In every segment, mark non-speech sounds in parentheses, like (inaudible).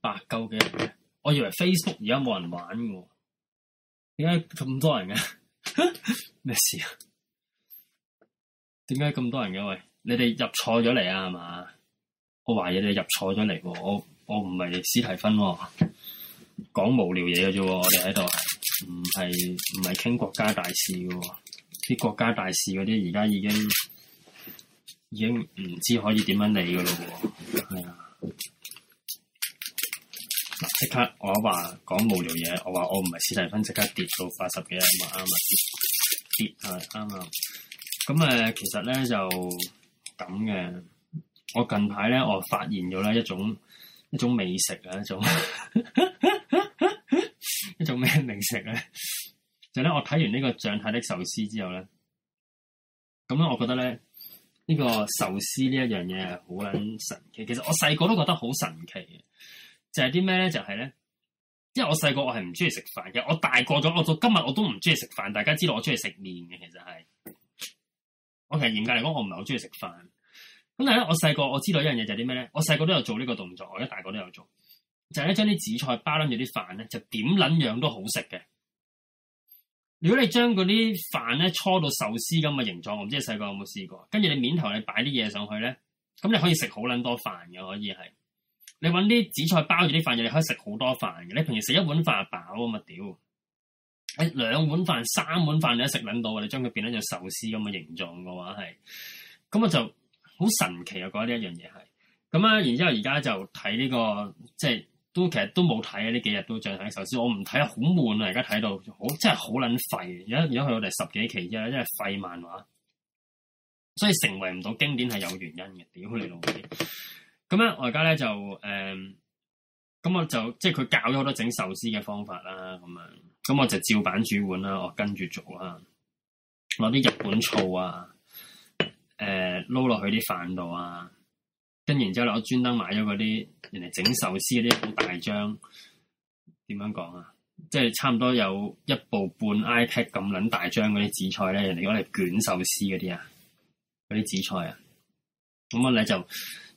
百九嘅，我以為 Facebook 而家冇人玩喎。點解咁多人嘅？咩 (laughs) 事啊？點解咁多人嘅喂？你哋入錯咗嚟啊？係嘛？我懷疑你哋入錯咗嚟，我我唔係歷史提分喎，講無聊嘢嘅啫，我哋喺度唔係唔係傾國家大事喎。啲國家大事嗰啲而家已經已經唔知可以點樣理嘅咯，係、哎、啊。即刻我話講無聊嘢，我話我唔係史提芬，即刻跌到八十幾，啱唔啱啊？跌跌係啱啊！咁、嗯、誒，其實咧就咁嘅。我近排咧，我發現咗咧一種一種美食啊，一種 (laughs) 一種咩零食咧？就咧、是、我睇完呢、這個將太的壽司之後咧，咁我覺得咧呢、這個壽司呢一樣嘢係好撚神奇。其實我細個都覺得好神奇嘅。就係啲咩咧？就係咧，因為我細個我係唔中意食飯嘅，我大個咗，我到今日我都唔中意食飯。大家知道我中意食麵嘅，其實係我其實嚴格嚟講，我唔係好中意食飯。咁但係咧，我細個我知道一樣嘢就係啲咩咧？我細個都有做呢個動作，我而家大個都有做，就係咧將啲紫菜包捻住啲飯咧，就點捻樣都好食嘅。如果你將嗰啲飯咧搓到壽司咁嘅形狀，我唔知你細個有冇試過？跟住你面頭你擺啲嘢上去咧，咁你可以食好捻多飯嘅，可以係。你搵啲紫菜包住啲飯嘢，你可以食好多飯嘅。你平時食一碗飯飽啊嘛，屌！兩兩碗飯、三碗飯你都食卵到，你將佢變咗做壽司咁嘅形狀嘅話，係咁我就好神奇啊！我覺得呢一樣嘢係咁啊。然之後而家就睇呢、這個，即係都其實都冇睇啊。呢幾日都仲睇壽司，我唔睇啊，好悶啊！而家睇到好真係好卵廢。而家而家去到第十幾期啫，因為廢漫畫，所以成為唔到經典係有原因嘅。屌你老咁咧，我而家咧就誒，咁、嗯、我就即係佢教咗好多整壽司嘅方法啦。咁樣，咁我就照板煮碗啦，我跟住做啦，攞啲日本醋啊，誒撈落去啲飯度啊，跟然之後，我專登買咗嗰啲人哋整壽司嗰啲好大張，點樣講啊？即係差唔多有一部半 iPad 咁撚大張嗰啲紫菜咧，人哋攞嚟捲壽司嗰啲啊，嗰啲紫菜啊，咁我咧就。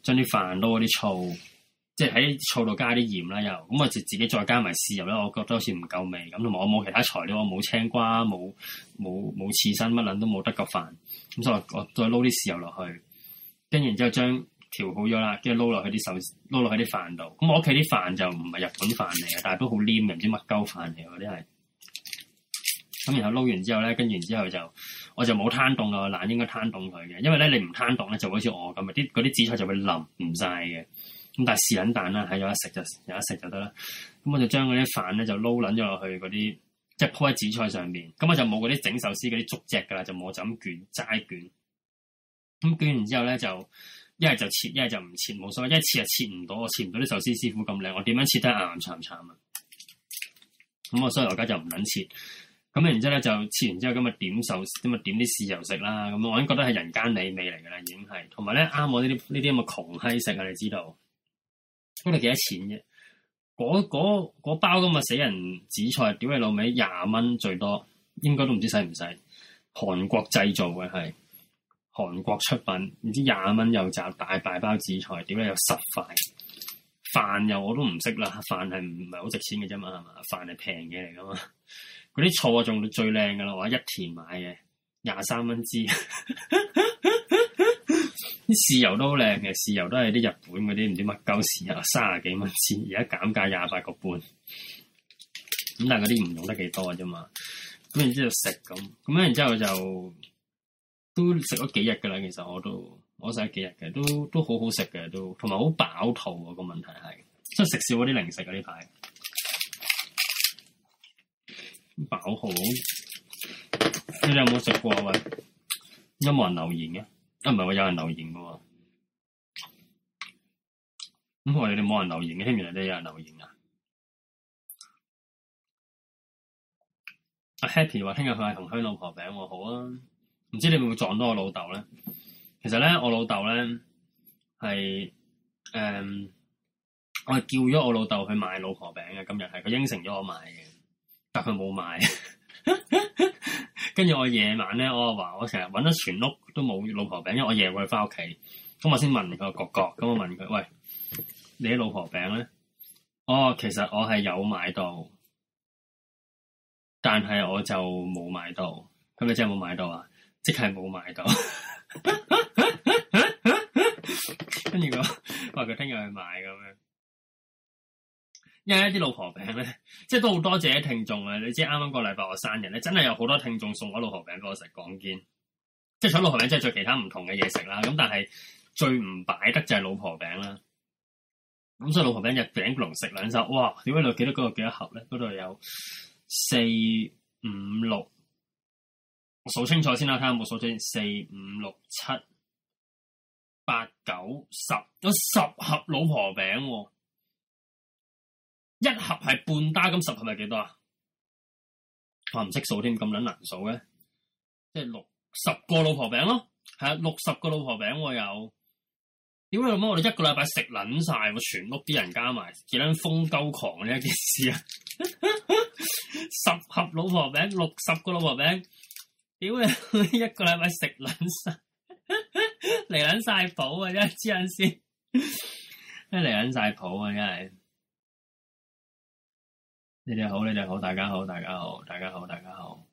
將啲飯撈嗰啲醋，即係喺啲醋度加啲鹽啦，又咁我就自己再加埋豉油啦。我覺得好似唔夠味咁，同埋我冇其他材料，我冇青瓜，冇冇冇刺身，乜撚都冇得個飯。咁所以我，我再撈啲豉油落去，跟然之後將調好咗啦，跟住撈落去啲手，撈落去啲飯度。咁我屋企啲飯就唔係日本飯嚟嘅，但係都好黏嘅，唔知乜鳩飯嚟嘅嗰啲係。咁然後撈完之後咧，跟然之後就。我就冇攤凍個蛋，應該攤凍佢嘅，因為咧你唔攤凍咧就好似我咁啊啲嗰啲紫菜就會腍唔晒嘅。咁但係是試撚蛋啦，睇咗一食就有一食就得啦。咁我就將嗰啲飯咧就撈撚咗落去嗰啲，即係鋪喺紫菜上面。咁我就冇嗰啲整壽司嗰啲竹蓆㗎喇，就冇就咁捲齋捲。咁捲完之後咧就一係就切，一係就唔切冇所謂。一切就切唔到，我切唔到啲壽司師傅咁靚，我點樣切得巖巉巉啊？咁我所以而家就唔撚切。咁然之後咧就切完之後，今日點壽，今日點啲豉油食啦。咁我已經覺得係人間美味嚟㗎啦，已經係。同埋咧啱我呢啲呢啲咁嘅窮閪食啊，你知道。咁你幾多錢啫？嗰包咁嘅死人紫菜，屌你老味廿蚊最多，應該都唔知使唔使。韓國製造嘅係韓國出品，唔知廿蚊又炸大大包紫菜，點解有十塊？飯又我都唔識啦，飯係唔係好值錢嘅啫嘛？係嘛，飯係平嘢嚟㗎嘛。嗰啲醋用到最靚嘅啦，我話一田買嘅廿三蚊支，啲豉 (laughs) 油都好靚嘅，豉油都係啲日本嗰啲唔知乜鳩豉油，三十幾蚊支，而家減價廿八個半，咁但係嗰啲唔用得幾多啫嘛，咁然之後食咁，咁然之後就，然之後就都食咗幾日㗎啦，其實我都我食咗幾日嘅，都都好好食嘅都，同埋好飽肚喎。個問題係，即係食少啲零食啊呢排。飽好，你哋有冇食過啊？喂，都冇人留言嘅，啊唔係話有人留言嘅，咁我哋冇人留言嘅，聽完你哋有人留言啊？阿、啊、Happy 話聽日佢係同佢老婆餅，我好啊，唔知你會唔會撞到我老豆咧？其實咧，我老豆咧係誒，我係叫咗我老豆去買老婆餅嘅，今日係佢應承咗我買嘅。但佢冇買，跟 (laughs) 住我夜晚咧，我話我成日搵得全屋都冇老婆餅，因為我夜會去翻屋企，咁我先問佢個角角，咁我，我問佢：喂，你啲老婆餅咧？哦，其實我係有買到，但係我就冇買到。咁你真係冇買到啊？即係冇買到。跟住佢話：「佢聽日去買咁樣。因為一啲老婆餅咧，即係都好多謝啲聽眾啊！你知啱啱個禮拜我生日咧，真係有好多聽眾送我老婆餅俾我食。講堅，即係除咗，老婆餅，即係着其他唔同嘅嘢食啦。咁但係最唔擺得就係老婆餅啦。咁所以老婆餅頂籠食兩手，哇！點解你記得嗰個幾多盒咧？嗰度有四五六，我數清楚先啦，睇下有冇數清。四五六七八九十，咗十盒老婆餅。一盒係半打，咁十盒係幾多啊？我唔識數添，咁卵難數嘅，即係六十個老婆餅咯，係、啊、六十個老婆餅我有。屌你老母，我哋一個禮拜食卵晒，全屋啲人加埋，而家瘋鳩狂呢一件事啊！ (laughs) 十盒老婆餅，六十個老婆餅，屌你一個禮拜食卵晒，嚟卵晒譜啊！真係黐卵線，係嚟卵晒譜啊！真係。你哋好，你哋好，大家好，大家好，大家好，大家好。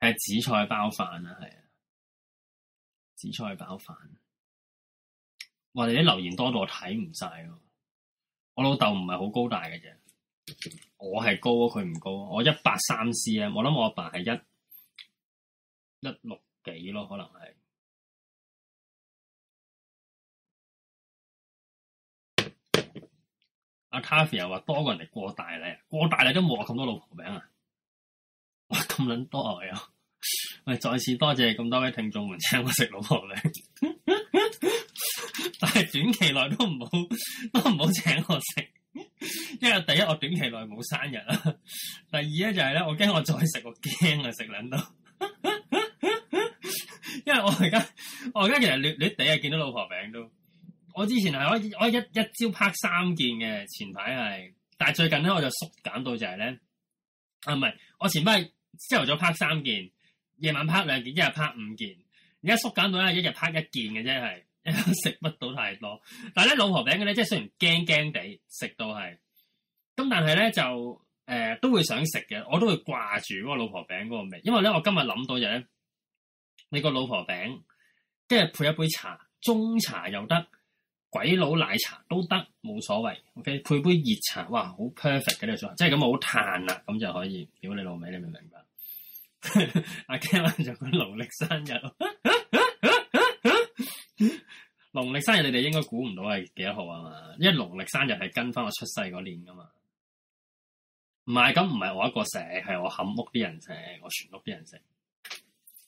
係紫菜包飯啊，係啊，紫菜包飯。我哋啲留言多到我睇唔晒咯。我老豆唔係好高大嘅啫，我係高，佢唔高。我一八三 cm，我諗我阿爸係一一六幾咯，可能係。阿 Taffy 又話多個人嚟過大禮，過大禮都冇我咁多老婆餅啊！哇，咁撚多啊！喂、哎，再次多謝咁多位聽眾們請我食老婆餅， (laughs) 但係短期內都唔好都唔好請我食，因為第一我短期內冇生日啦，第二咧就係、是、咧我驚我再食我驚啊，食撚多，因為我而家我而家其實你第一日見到老婆餅都。我之前係可以，我一一朝拍三件嘅，前排係，但係最近咧我就縮減到就係、是、咧，啊唔係，我前排朝頭早拍三件，夜晚拍兩件，一日拍五件，而家縮減到咧一日拍一件嘅，啫。係食不到太多。但係咧老婆餅嘅咧，即係雖然驚驚地食到係，咁但係咧就誒、呃、都會想食嘅，我都會掛住嗰個老婆餅嗰個味，因為咧我今日諗到嘢、就、咧、是，你個老婆餅跟住配一杯茶，中茶又得。鬼佬奶茶都得冇所謂，OK？配杯熱茶，哇，好 perfect 嘅呢種，即係咁好嘆啦，咁就可以。屌你老味，你明唔明白？阿 Ken 就講農曆生日，農 (laughs) 曆生日你哋應該估唔到係幾多號啊嘛？因為農曆生日係跟翻我出世嗰年噶嘛。唔係咁，唔係我一個食，係我冚屋啲人食，我全屋啲人食，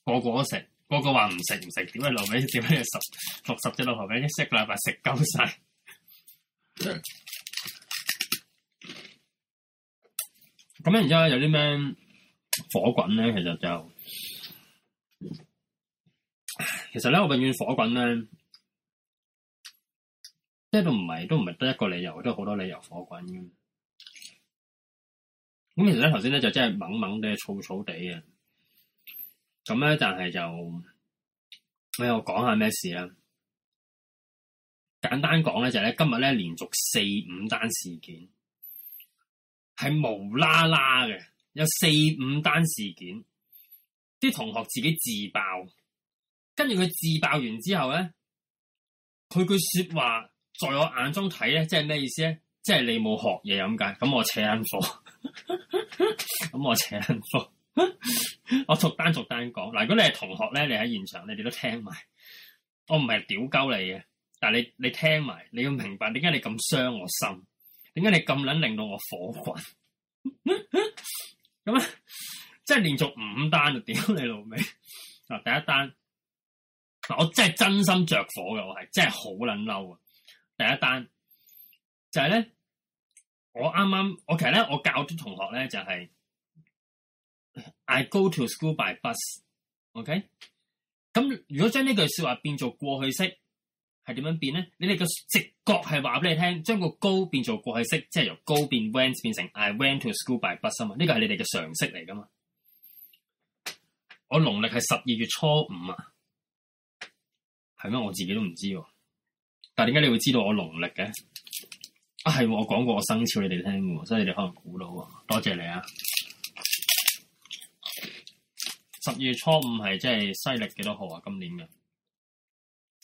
個個都食。嗰個話唔食唔食，點解留畀點解十六十隻蘿蔔餅熄啦？但係食夠晒！咁樣然後有啲咩火滾咧？其實就其實咧，我永遠火滾咧，即係都唔係都唔係得一個理由，都好多理由火滾，咁其實咧，頭先咧就真係懵懵地、躁躁地咁咧，但係就，哎，我講下咩事啦。簡單講咧，就咧今日咧連續四五單事件係無啦啦嘅，有四五單事件，啲同學自己自爆，跟住佢自爆完之後咧，佢句說話在我眼中睇咧，即係咩意思咧？即係你冇學嘢咁解，咁我發火，咁 (laughs) (laughs) 我發火。 (laughs) 我逐單逐單講嗱，如果你係同學咧，你喺現場，你哋都聽埋。我唔係屌鳩你嘅，但係你你聽埋，你要明白點解你咁傷我心，點解你咁撚令到我火滾。咁 (laughs) 咧，即係連續五單就屌你老味。嗱，第一單，我真係真心着火嘅，我係真係好撚嬲啊！第一單就係、是、咧，我啱啱，我其實咧，我教啲同學咧就係、是。I go to school by bus，OK？Okay? 咁如果將呢句說話變做過去式，係點樣變咧？你哋嘅直覺係話俾你聽，將個 go 變做過去式，即係由 go 變 went，變成 I went to school by bus 啊嘛，呢個係你哋嘅常識嚟噶嘛。我農曆係十二月初五啊，係咩？我自己都唔知，但係點解你會知道我農曆嘅？啊，係我講過我生肖你哋聽喎！所以你哋可能估到喎！多謝你啊。十二月初五係即係西曆幾多號啊？今年嘅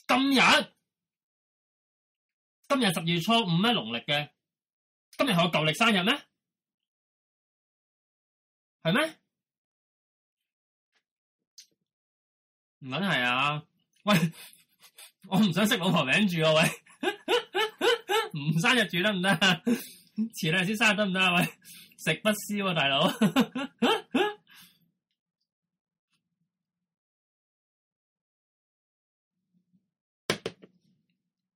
今日，今日十二月初五咩？農曆嘅今日係我舊曆生日咩？係咩？唔卵係啊！喂，我唔想識老婆名住啊！喂，唔生日住得唔得？遲兩日生日得唔得啊？喂，食不消喎、啊，大佬。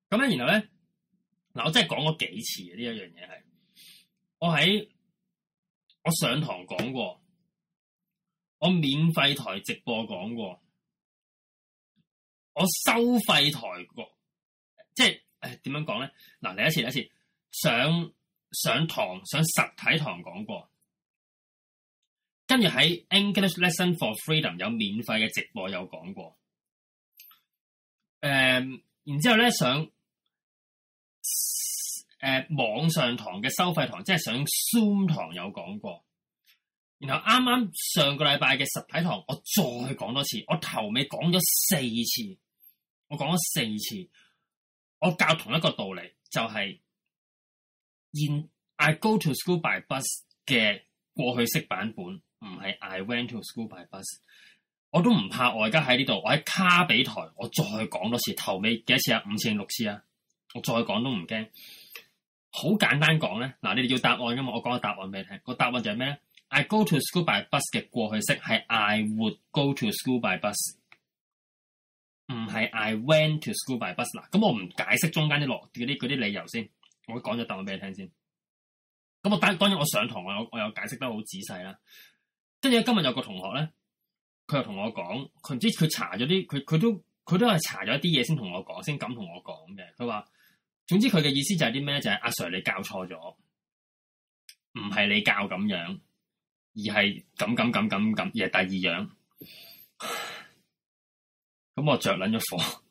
咁樣然後咧，嗱，我真係講過幾次嘅呢一樣嘢係，我喺我上堂講過，我免費台直播講過，我收費台講，即係誒點樣講咧？嗱，第一次、第一次上上堂、上實體堂講過，跟住喺 English Lesson for Freedom 有免費嘅直播有講過，誒、呃，然之後咧上。誒，網上堂嘅收費堂，即係上 Zoom 堂有講過。然後啱啱上個禮拜嘅實體堂，我再講多次，我頭尾講咗四次，我講咗四次，我教同一個道理，就係現 I go to school by bus 嘅過去式版本，唔係 I went to school by bus 我我在在。我都唔怕，我而家喺呢度，我喺卡比台，我再講多次，頭尾幾多次啊？五次定六次啊？我再講都唔驚，好簡單講咧。嗱，你哋要答案噶嘛？我講個答案俾你聽。個答案就係咩咧？I go to school by bus 嘅過去式係 I would go to school by bus，唔係 I went to school by bus。嗱，咁我唔解釋中間啲落啲嗰啲理由先，我講咗答案俾你聽先。咁我當當然我上堂我有我有解釋得好仔細啦。跟住今日有個同學咧，佢又同我講，佢唔知佢查咗啲，佢佢都佢都係查咗一啲嘢先同我講，先敢同我講嘅。佢話。總之佢嘅意思就係啲咩？就係、是、阿、啊、sir 你教錯咗，唔係你教咁樣，而係咁咁咁咁咁，而係第二樣。咁我着撚咗火，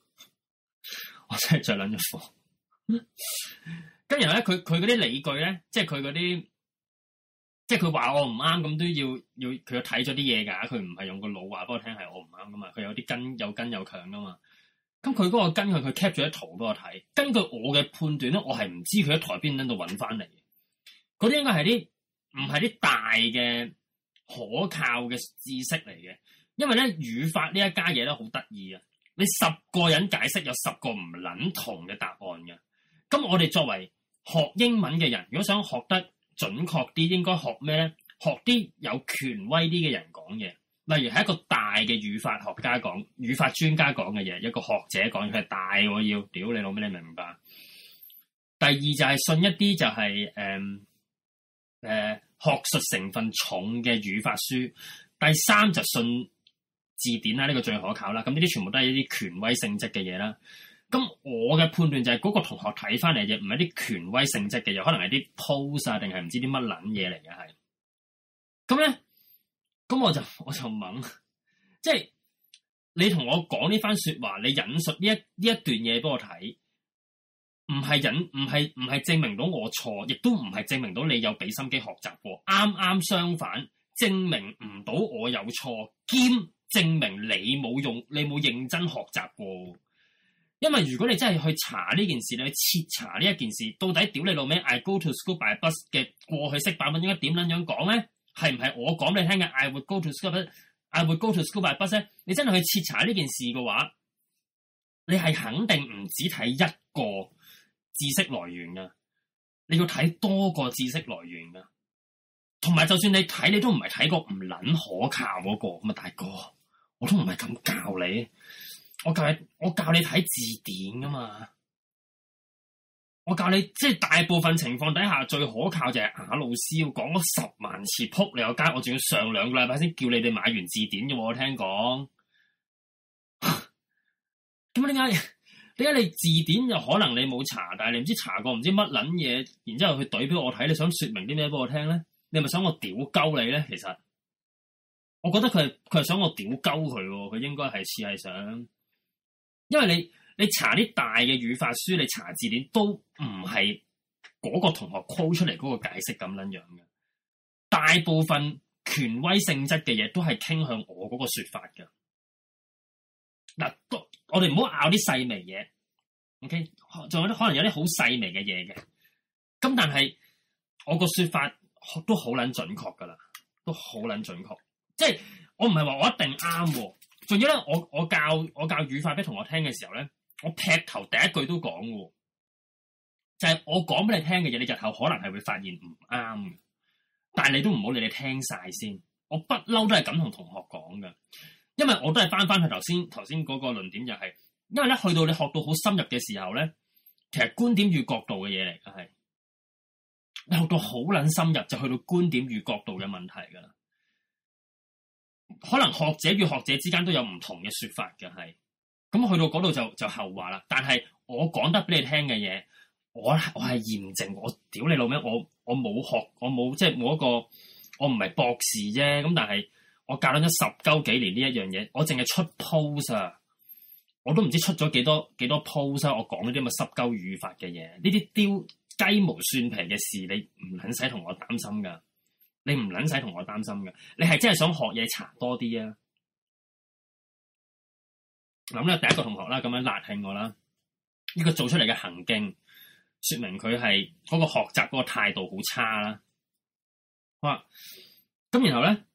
我真係着撚咗火。跟住咧，佢佢嗰啲理據咧，即係佢嗰啲，即係佢話我唔啱，咁都要要佢有睇咗啲嘢噶，佢唔係用個腦話，俾我聽係我唔啱噶嘛，佢有啲根又根又強噶嘛。咁佢嗰個根據佢 kept 咗啲圖畀我睇，根據我嘅判斷咧，我係唔知佢喺台邊等度揾翻嚟嘅。嗰啲應該係啲唔係啲大嘅可靠嘅知識嚟嘅，因為咧語法呢一家嘢咧好得意啊！你十個人解釋有十個唔撚同嘅答案嘅。咁我哋作為學英文嘅人，如果想學得準確啲，應該學咩咧？學啲有權威啲嘅人講嘢。例如係一個大嘅語法學家講，語法專家講嘅嘢，一個學者講的，佢係大我要，屌你老味，你明唔明啊？第二就係信一啲就係誒誒學術成分重嘅語法書，第三就係信字典啦，呢個最可靠啦。咁呢啲全部都係一啲權威性質嘅嘢啦。咁我嘅判斷就係嗰個同學睇翻嚟嘅唔係啲權威性質嘅嘢，可能係啲 post 啊，定係唔知啲乜撚嘢嚟嘅係。咁咧。咁我就我就懵，即係你同我講呢番說話，你引述呢一呢一段嘢俾我睇，唔係引唔係唔係證明到我錯，亦都唔係證明到你有俾心機學習過，啱啱相反，證明唔到我有錯，兼證明你冇用，你冇認真學習過。因為如果你真係去查呢件事，你去徹查呢一件事，到底屌你老味，I go to school by bus 嘅過去式版本應該點樣樣講咧？係唔係我講俾你聽嘅？I would go to school by I would go to school by bus 咧？你真係去徹查呢件事嘅話，你係肯定唔止睇一個知識來源噶，你要睇多個知識來源噶。同埋，就算你睇，你都唔係睇個唔捻可靠嗰個咁啊，大哥，我都唔係咁教你，我教我教你睇字典噶嘛。我教你，即係大部分情況底下最可靠就係阿老師要講咗十萬次仆你個街，我仲要上兩個禮拜先叫你哋買完字典嘅，我聽講。點解點解你字典又可能你冇查，但係你唔知查過唔知乜捻嘢，然之後佢懟俾我睇，你想說明啲咩俾我聽咧？你係咪想我屌鳩你咧？其實我覺得佢係佢係想我屌鳩佢，佢應該係似係想，因為你。你查啲大嘅語法書，你查字典都唔係嗰個同學 quote 出嚟嗰個解釋咁撚樣嘅。大部分權威性質嘅嘢都係傾向我嗰個說法嘅。嗱、OK？我我哋唔好拗啲細微嘢，OK？仲有啲可能有啲好細微嘅嘢嘅。咁但係我個說法都好撚準確噶啦，都好撚準確。即係我唔係話我一定啱喎。仲要咧，我我教我教語法俾同學聽嘅時候咧。我劈頭第一句都講嘅，就係、是、我講俾你聽嘅嘢，你日後可能係會發現唔啱嘅，但係你都唔好理，你聽晒先。我不嬲都係咁同同學講㗎，因為我都係翻翻去頭先頭先嗰個論點、就是，就係因為咧去到你學到好深入嘅時候咧，其實觀點與角度嘅嘢嚟嘅係，你學到好捻深入就去到觀點與角度嘅問題噶啦，可能學者與學者之間都有唔同嘅說法嘅係。咁去到嗰度就就後話啦。但係我講得俾你聽嘅嘢，我我係嚴正。我屌你老味，我我冇學，我冇即係冇一個我唔係博士啫。咁但係我教咗咗十鳩幾年呢一樣嘢，我淨係出 post 啊！我都唔知出咗幾多幾多 post 啊！我講呢啲咁嘅濕鳩語法嘅嘢，呢啲雞毛蒜皮嘅事，你唔撚使同我擔心噶。你唔撚使同我擔心噶。你係真係想學嘢查多啲啊？咁咧，第一個同學啦，咁樣辣起我啦，呢個做出嚟嘅行徑，說明佢係嗰個學習嗰個態度好差啦。好，咁然後咧，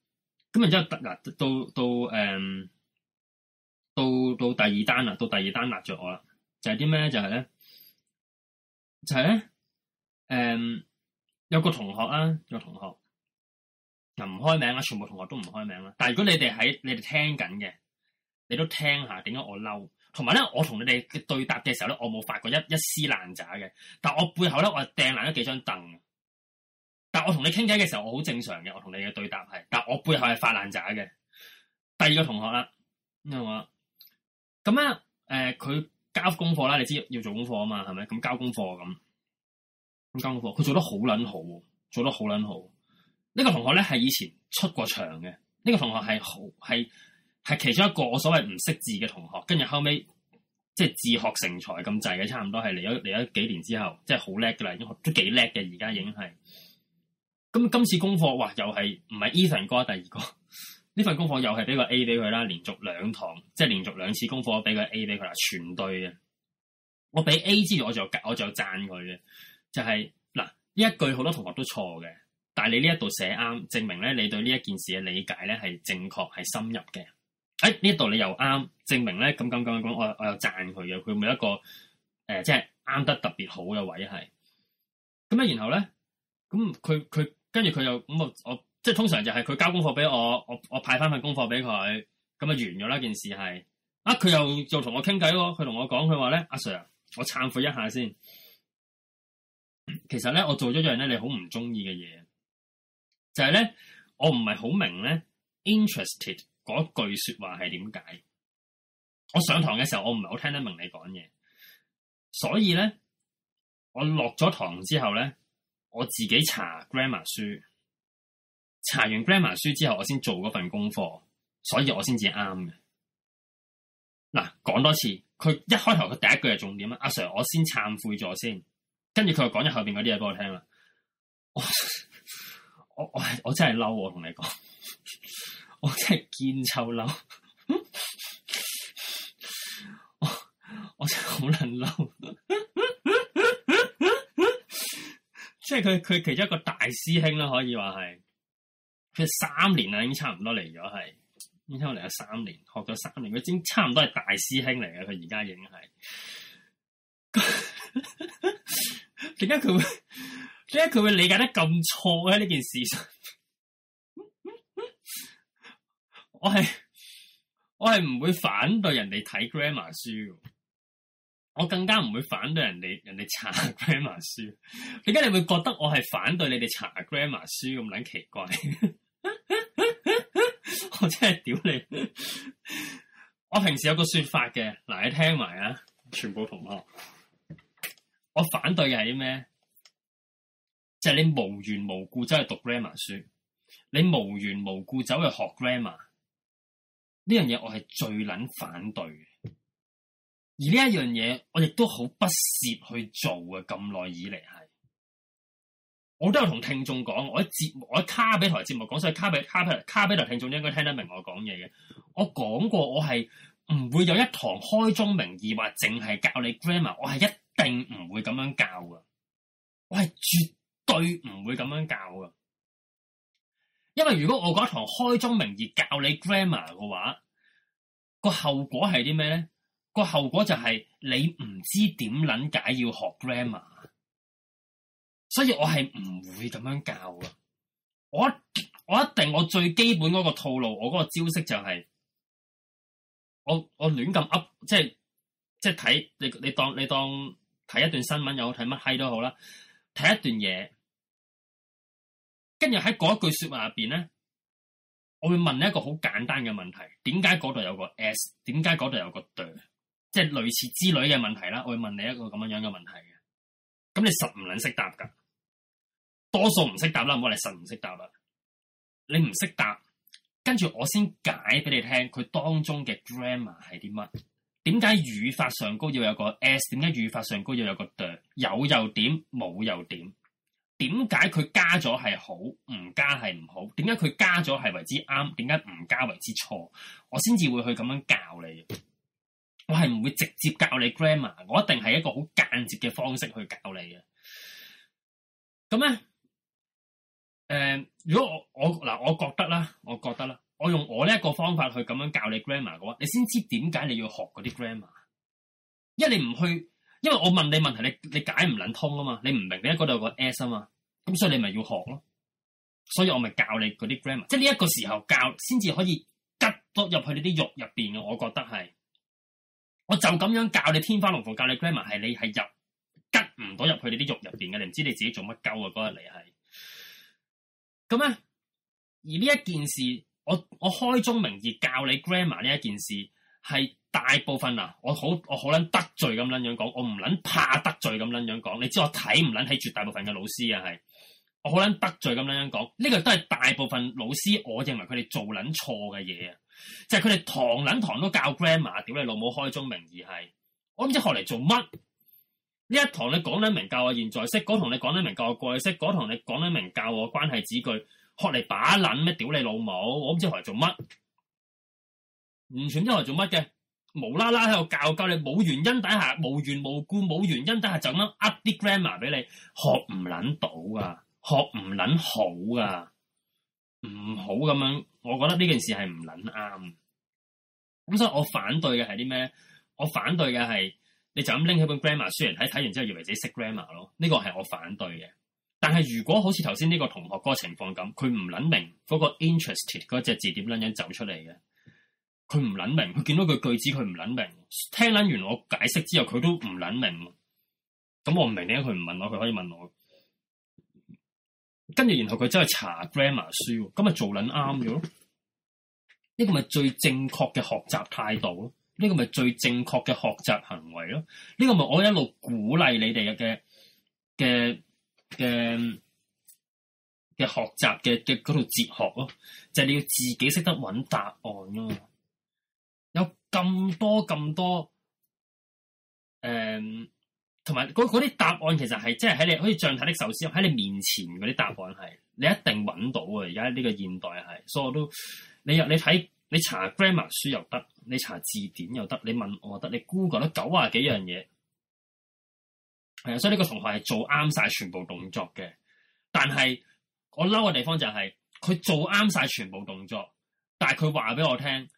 咁然之後，嗱，到到誒，到到，到，到第二單啦，到第二單辣著我啦，就係啲咩咧？就係、是、咧，就係、是、咧，誒、嗯，有個同學啊，有個同學就唔開名啊，全部同學都唔開名啦。但係如果你哋喺，你哋聽緊嘅。你都聽下，點解我嬲？同埋咧，我同你哋對答嘅時候咧，我冇發過一一絲爛渣嘅。但係我背後咧，我掟爛咗幾張凳。但係我同你傾偈嘅時候，我好正常嘅。我同你嘅對答係，但係我背後係發爛渣嘅。第二個同學啦，咁我咁啊，誒，佢、呃、交功課啦，你知道要做功課啊嘛，係咪？咁交功課咁，咁交功課，佢做得好撚好，做得好撚好。呢個同學咧係以前出過場嘅，呢個同學係好係。係其中一個我所謂唔識字嘅同學，跟住後尾即係自學成才咁滯嘅，差唔多係嚟咗嚟咗幾年之後，即係好叻㗎啦，因為都都幾叻嘅而家已經係。咁今次功課，哇，又係唔係 Ethan 哥第二個呢份功課，又係俾個 A 俾佢啦，連續兩堂即係連續兩次功課俾個 A 俾佢啦，全對嘅。我俾 A 之，我就我就讚佢嘅，就係、是、嗱，呢一句好多同學都錯嘅，但係你呢一度寫啱，證明咧你對呢一件事嘅理解咧係正確係深入嘅。誒，呢度你又啱，證明咧咁咁咁咁，我我又讚佢嘅，佢咪一個誒，即係啱得特別好嘅位係。咁咧，然後咧，咁佢佢跟住佢又咁、嗯、我我即係通常就係佢交功課俾我，我我派翻份功課俾佢，咁咪完咗啦件事係。啊，佢又又同我傾偈，佢同我講，佢話咧，阿、啊、Sir，我懺悔一下先。其實咧，我做咗一樣咧，你好唔中意嘅嘢，就係、是、咧，我唔係好明咧，interested。嗰句説話係點解？我上堂嘅時候，我唔係好聽得明你講嘢，所以咧，我落咗堂之後咧，我自己查 grammar 書，查完 grammar 書之後，我先做嗰份功課，所以我先至啱嘅。嗱，講多次，佢一開頭佢第一句係重點啊！阿 Sir，我先懺悔咗先，跟住佢又講咗後邊嗰啲嘢俾我聽啦。我我我，我真係嬲我同你講。我真係見臭嬲，我真係好難嬲，即係佢佢其中一個大師兄啦，可以話係，佢三年啦，已經差唔多嚟咗係，已經差唔多嚟咗三年，學咗三年，佢已經差唔多係大師兄嚟嘅，佢而家已經係，點解佢點解佢會理解得咁錯咧？呢件事上？我係我係唔會反對人哋睇 grammar 書，我更加唔會反對人哋人哋查 grammar 書。點解你會覺得我係反對你哋查 grammar 書咁撚奇怪？ (laughs) 我真係的屌你！ (laughs) 我平時有個說法嘅，嗱你聽埋啊，全部同學，我反對嘅係啲咩？就係、是、你無緣無故走去讀 grammar 書，你無緣無故走去學 grammar。呢樣嘢我係最捻反對嘅，而呢一樣嘢我亦都好不屑去做嘅。咁耐以嚟係，我都有同聽眾講，我喺節目，我喺卡比台節目講，所以卡比卡比卡比,卡比台聽眾應該聽得明我講嘢嘅。我講過，我係唔會有一堂開宗明義話淨係教你 grammar，我係一定唔會咁樣教噶，我係絕對唔會咁樣教噶。因為如果我講一堂開宗明義教你 grammar 嘅話，個後果係啲咩咧？個後果就係你唔知點撚解要學 grammar，所以我係唔會咁樣教嘅。我我一定我最基本嗰個套路，我嗰個招式就係、是、我我亂咁噏，即係即係睇你你當你當睇一段新聞又好，睇乜閪都好啦，睇一段嘢。跟住喺嗰一句說話入邊咧，我會問你一個好簡單嘅問題，點解嗰度有個 s？點解嗰度有個對即係類似之類嘅問題啦。我會問你一個咁樣樣嘅問題嘅。咁你實唔能識答噶，多數唔識答啦。我哋實唔識答啦。你唔識答，跟住我先解俾你聽，佢當中嘅 grammar 係啲乜？點解語法上高要有個 s？點解語法上高要有個對有又點？冇又點？點解佢加咗係好，唔加係唔好？點解佢加咗係為之啱？點解唔加為之錯？我先至會去咁樣教你，我係唔會直接教你 grammar，我一定係一個好間接嘅方式去教你嘅。咁咧，誒、呃，如果我我嗱，我覺得啦，我覺得啦，我用我呢一個方法去咁樣教你 grammar 嘅話，你先知點解你要學嗰啲 grammar？因為你唔去。因為我問你問題，你你解唔能通啊嘛，你唔明白，你喺嗰度有個 S 啊嘛，咁所以你咪要學咯。所以我咪教你嗰啲 grammar，即係呢一個時候教，先至可以吉到入去你啲肉入邊嘅。我覺得係，我就咁樣教你天花龍鳳教你 grammar，係你係入吉唔到入去你啲肉入邊嘅，你唔知道你自己做乜鳩啊嗰日你係。咁咧，而呢一件事，我我開宗明義教你 grammar 呢一件事係。是大部分啊，我好我好捻得罪咁捻樣講，我唔捻怕得罪咁捻樣講。你知我睇唔捻睇絕大部分嘅老師啊，係我好捻得罪咁捻樣講。呢個都係大部分老師我認為佢哋做捻錯嘅嘢啊，就係佢哋堂捻堂都教 grammar，屌你老母開宗明義係，我唔知學嚟做乜。呢一堂你講得明教我現在識，嗰堂你講得明教我過去識，嗰堂你講得明教我關係子句，學嚟把捻咩？屌你老母，我唔知學嚟做乜，完全唔知學嚟做乜嘅。無啦啦喺度教教你，冇原因底下，無緣無故，冇原因底下就咁噏啲 grammar 俾你學唔捻到㗎，學唔捻好㗎，唔好咁樣。我覺得呢件事係唔捻啱咁，所以我反對嘅係啲咩？我反對嘅係你就咁拎起本 grammar 書然睇完之後，以為自己識 grammar 咯。呢個係我反對嘅。但係如果好似頭先呢個同學嗰個情況咁，佢唔捻明嗰個 interested 嗰隻字點樣樣走出嚟嘅。佢唔撚明，佢見到佢句子佢唔撚明，聽撚完我解釋之後佢都唔撚明，咁我唔明點解佢唔問我，佢可以問我。跟住然後佢真係查 grammar 書，咁咪做撚啱咗咯？呢、這個咪最正確嘅學習態度咯？呢、這個咪最正確嘅學習行為咯？呢、這個咪我一路鼓勵你哋嘅嘅嘅嘅學習嘅嘅嗰套哲學咯，就係、是、你要自己識得揾答案囉。咁多咁多誒，同埋嗰啲答案其實係即係喺你好似像睇的壽司喺你面前嗰啲答案係你一定揾到嘅。而家呢個現代係，所以我都你又你睇你查 grammar 書又得，你查字典又得，你問我得，你 Google 得九啊幾樣嘢。係啊，所以呢個同學係做啱晒全部動作嘅，但係我嬲嘅地方就係、是、佢做啱晒全部動作，但係佢話俾我聽。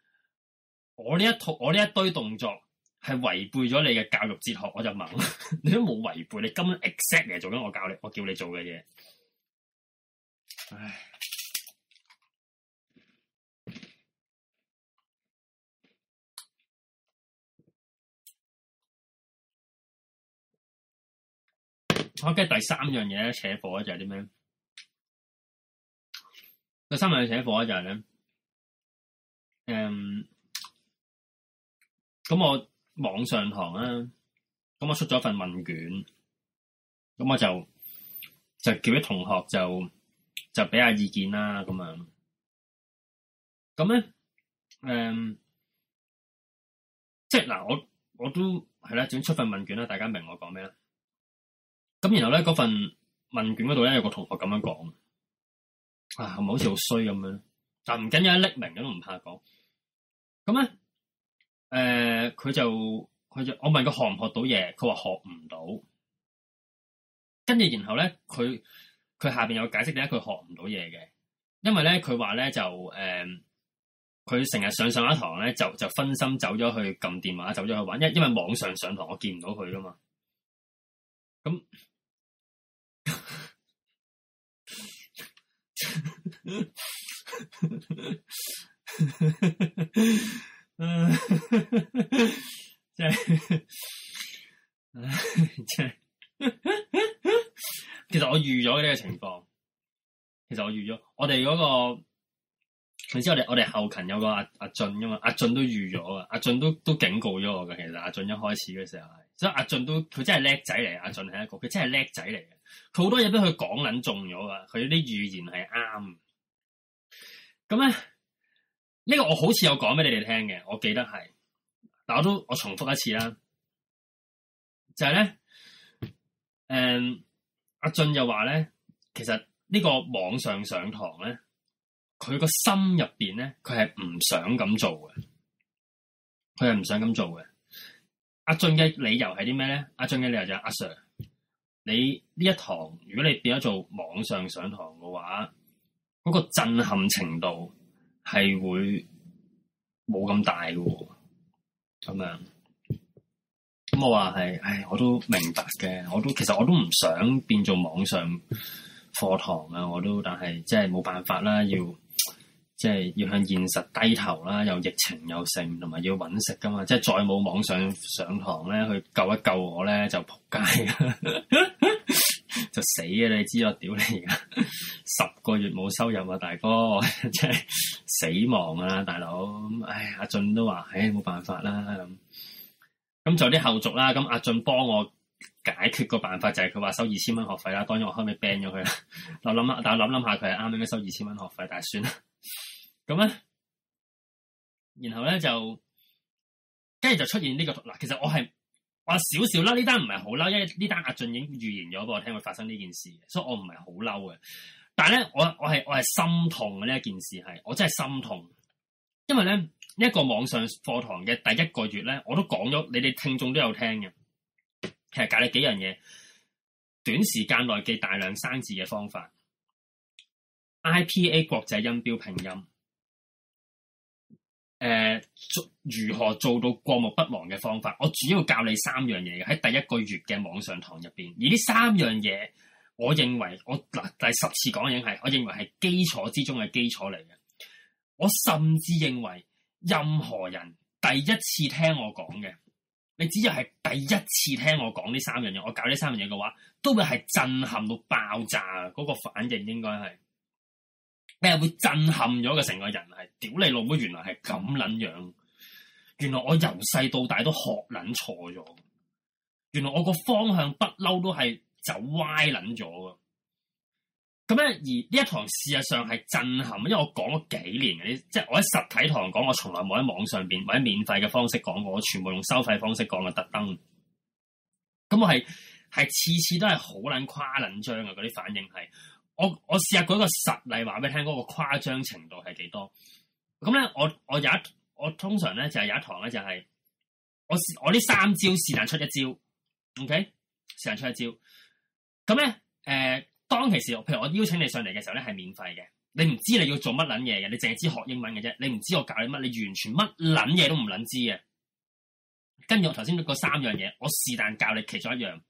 我呢一套，我呢一堆動作係違背咗你嘅教育哲學，我就猛， (laughs) 你都冇違背，你根本 accept 嘅做緊我教你，我叫你做嘅嘢。唉、我驚、okay，第三樣嘢扯火就係啲咩？第三樣嘢扯火就係、是、咧，誒、嗯。咁我網上堂啦，咁我出咗份問卷，咁我就就叫啲同學就就俾下意見啦，咁樣，咁咧誒，即係嗱，我我都係啦整出份問卷啦，大家明我講咩啦？咁然後咧嗰份問卷嗰度咧有一個同學咁樣講，啊，係咪好似好衰咁樣？但唔緊要一，一匿名都唔怕講，咁咧。誒、呃、佢就佢就我問佢學唔學到嘢，佢話學唔到。跟住然後咧，佢佢下面有解釋點解佢學唔到嘢嘅，因為咧佢話咧就誒，佢成日上上一堂咧就就分心走咗去撳電話，走咗去玩，因因為網上上堂我見唔到佢㗎嘛。咁、嗯。 (laughs) (laughs) 即係，即係，其實我預咗呢個情況。其實我預咗，我哋嗰個，總之我哋我哋後勤有個阿阿俊噶嘛，阿俊都預咗啊，阿俊都都警告咗我㗎。其實阿俊一開始嘅時候，所以阿俊都佢真係叻仔嚟，阿俊係一個佢真係叻仔嚟嘅。佢好多嘢都佢講捻中咗噶，佢啲預言係啱。咁咧、啊。呢個我好似有講俾你哋聽嘅，我記得係，但我都我重複一次啦，就係咧，誒，阿俊又話咧，其實呢個網上上堂咧，佢個心入邊咧，佢係唔想咁做嘅，佢係唔想咁做嘅。阿俊嘅理由係啲咩咧？阿俊嘅理由就係阿 Sir，你呢一堂如果你變咗做網上上堂嘅話，嗰個震撼程度，係會冇咁大嘅、啊，咁樣，咁我話係，唉，我都明白嘅，我都其實我都唔想變做網上課堂啊，我都但係即係冇辦法啦，要即係要向現實低頭啦，又疫情又盛，同埋要揾食噶嘛，即係再冇網上上堂咧，去救一救我咧，就仆街。 (laughs) 就死啊！你知我屌你而家十個月冇收入啊，大哥，即係死亡啊，大佬！唉，阿俊都話唉，冇辦法啦咁。咁就啲後續啦。咁阿俊幫我解決個辦法就係佢話收二千蚊學費啦。當然我後尾 ban 咗佢啦。我諗下，但我諗諗下佢係啱啱收二千蚊學費，但係算啦。咁咧，然後咧就，跟住就出現呢個嗱，其實我係。話少少啦，呢單唔係好嬲，因為呢單阿俊英預言咗俾我聽會發生呢件事，所以我唔係好嬲嘅。但係咧，我我係我係心痛嘅呢一件事係我真係心痛，因為咧一個網上課堂嘅第一個月咧，我都講咗，你哋聽眾都有聽嘅。其實教你幾樣嘢，短時間內記大量生字嘅方法，IPA 國際音標拼音。呃、做如何做到過目不忘嘅方法？我主要教你三樣嘢喺第一個月嘅網上堂入邊，而呢三樣嘢，我認為我嗱第十次講已經係，我認為係基礎之中嘅基礎嚟嘅。我甚至認為任何人第一次聽我講嘅，你只要係第一次聽我講呢三樣嘢，我教呢三樣嘢嘅話，都會係震撼到爆炸嘅嗰、嗰個反應應該係。你係會震撼咗嘅，成個人係，屌你老母，原來係咁捻樣的，原來我由細到大都學捻錯咗，原來我個方向不嬲都係走歪捻咗噶，咁咧而呢一堂事實上係震撼，因為我講咗幾年嗰啲，即係我喺實體堂講，我從來冇喺網上邊或者免費嘅方式講過，我全部用收費方式講嘅特登，咁我係係次次都係好捻誇捻張啊，嗰啲反應係。我我試下舉一個實例話俾你聽嗰個誇張程度係幾多？咁咧，我我有一我通常咧就係有一堂咧就係我我呢三招是但出一招，OK？是但出一招。咁咧，誒，當其時，譬如，我邀請你上嚟嘅時候咧係免費嘅，你唔知你要做乜撚嘢嘅，你淨係知學英文嘅啫，你唔知我教你乜，你完全乜撚嘢都唔撚知嘅。跟住我頭先嗰三樣嘢，我是但教你其中一樣，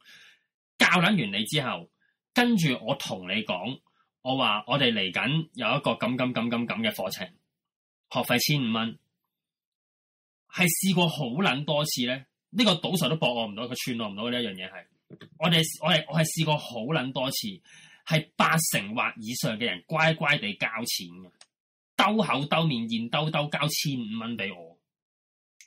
教撚完你之後。跟住我同你講，我話我哋嚟緊有一個咁咁咁咁咁嘅課程，學費千五蚊，係試過好捻多次咧。呢個賭神都博我唔到，佢串我唔到呢一樣嘢係。我哋我係我係試過好捻多次，係、這個、八成或以上嘅人乖乖地交錢嘅，兜口兜面現兜兜交千五蚊俾我，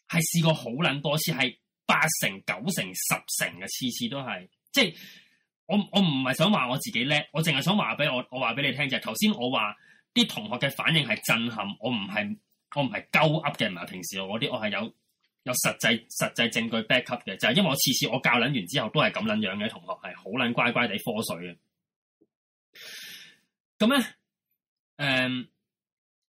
係試過好捻多次，係八成、九成、十成嘅，次次都係，即係。我我唔係想話我自己叻，我淨係想話俾我我話俾你聽就係頭先我話啲同學嘅反應係震撼，我唔係我唔係鳩噏嘅，唔係平時我嗰啲，我係有有實際實際證據 back up 嘅，就係、是、因為我次次我教捻完之後都係咁捻樣嘅同學係好捻乖乖地科水嘅，咁咧誒，咁、嗯、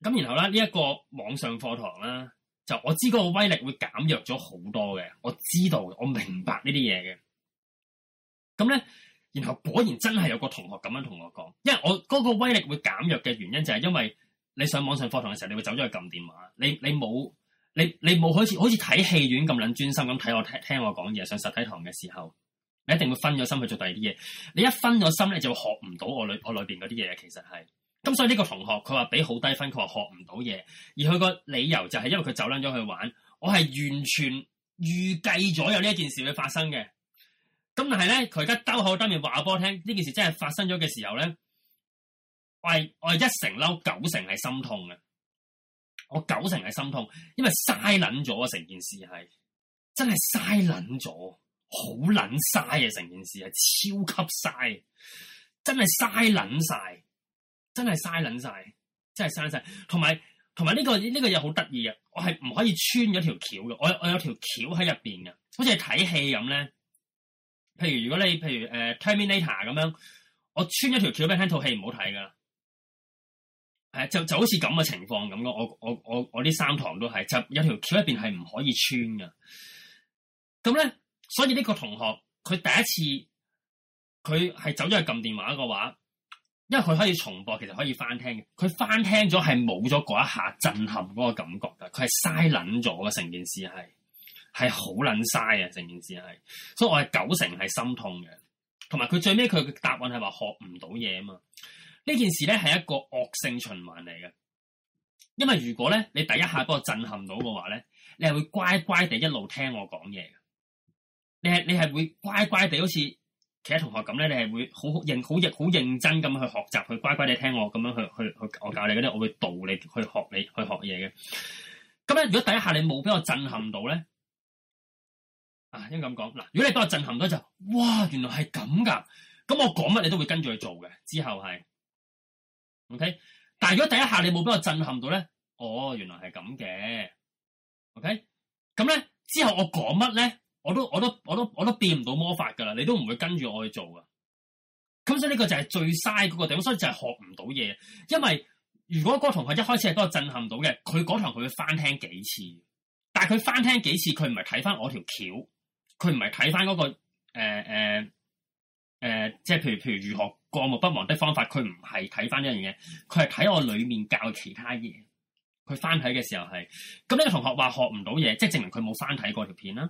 然後咧呢一、這個網上課堂啦，就我知道嗰個威力會減弱咗好多嘅，我知道我明白呢啲嘢嘅，咁咧。然後果然真係有個同學咁樣同我講，因為我嗰個威力會減弱嘅原因就係因為你上網上課堂嘅時候你你，你會走咗去撳電話，你你冇你你冇好似好似睇戲院咁撚專心咁睇我聽聽我講嘢，上實體堂嘅時候，你一定會分咗心去做第二啲嘢，你一分咗心，你就會學唔到我裏我裏邊嗰啲嘢，其實係，咁所以呢個同學佢話俾好低分，佢話學唔到嘢，而佢個理由就係因為佢走撚咗去玩，我係完全預計咗有呢一件事會發生嘅。咁但係咧，佢而家兜口兜面話俾我聽呢件事真係發生咗嘅時候咧，我係我係一成嬲，九成係心痛嘅。我九成係心痛，因為嘥捻咗啊。成件事係真係嘥捻咗，好捻嘥啊！成件事係超級嘥，真係嘥捻晒，真係嘥捻晒，真係嘥晒。同埋同埋呢個呢、呢個嘢好得意啊！我係唔可以穿咗條橋嘅，我有我有條橋喺入邊嘅，好似係睇戲咁咧。譬如如果你譬如誒、呃、Terminator 咁樣，我穿一條橋俾聽套戲唔好睇㗎，誒、啊、就就好似咁嘅情況咁咯。我我我我呢三堂都係，就有條橋入邊係唔可以穿㗎。咁咧，所以呢個同學佢第一次佢係走咗去撳電話嘅話，因為佢可以重播，其實可以翻聽嘅。佢翻聽咗係冇咗嗰一下震撼嗰個感覺㗎，佢係嘥撚咗嘅成件事係。係好撚嘥啊！成件事係，所以我係九成係心痛嘅。同埋佢最尾佢嘅答案係話學唔到嘢啊嘛！呢件事咧係一個惡性循環嚟嘅。因為如果咧你第一下俾我震撼到嘅話咧，你係會乖乖地一路聽我講嘢嘅。你係你係會乖乖地好似其他同學咁咧，你係會好認好認好認真咁去學習，去乖乖地聽我咁樣去去去我教你嗰啲，我會導你去學你去學嘢嘅。咁咧如果第一下你冇俾我震撼到咧？啊，應該咁講嗱，如果你俾我震撼到就，哇，原來係咁噶，咁我講乜你都會跟住去做嘅。之後係，OK，但係如果第一下你冇俾我震撼到咧，哦，原來係咁嘅，OK，咁咧之後我講乜咧，我都我都我都我都變唔到魔法噶啦，你都唔會跟住我去做噶。咁所以呢個就係最嘥嗰個地方，所以就係學唔到嘢。因為如果個同學一開始係俾我震撼到嘅，佢嗰堂佢會翻聽幾次，但係佢翻聽幾次佢唔係睇翻我條橋。佢唔係睇翻嗰個誒誒誒，即係譬如譬如如何過目不忘的方法，佢唔係睇翻呢樣嘢，佢係睇我裏面教其他嘢。佢翻睇嘅時候係，咁呢個同學話學唔到嘢，即係證明佢冇翻睇過條片啦。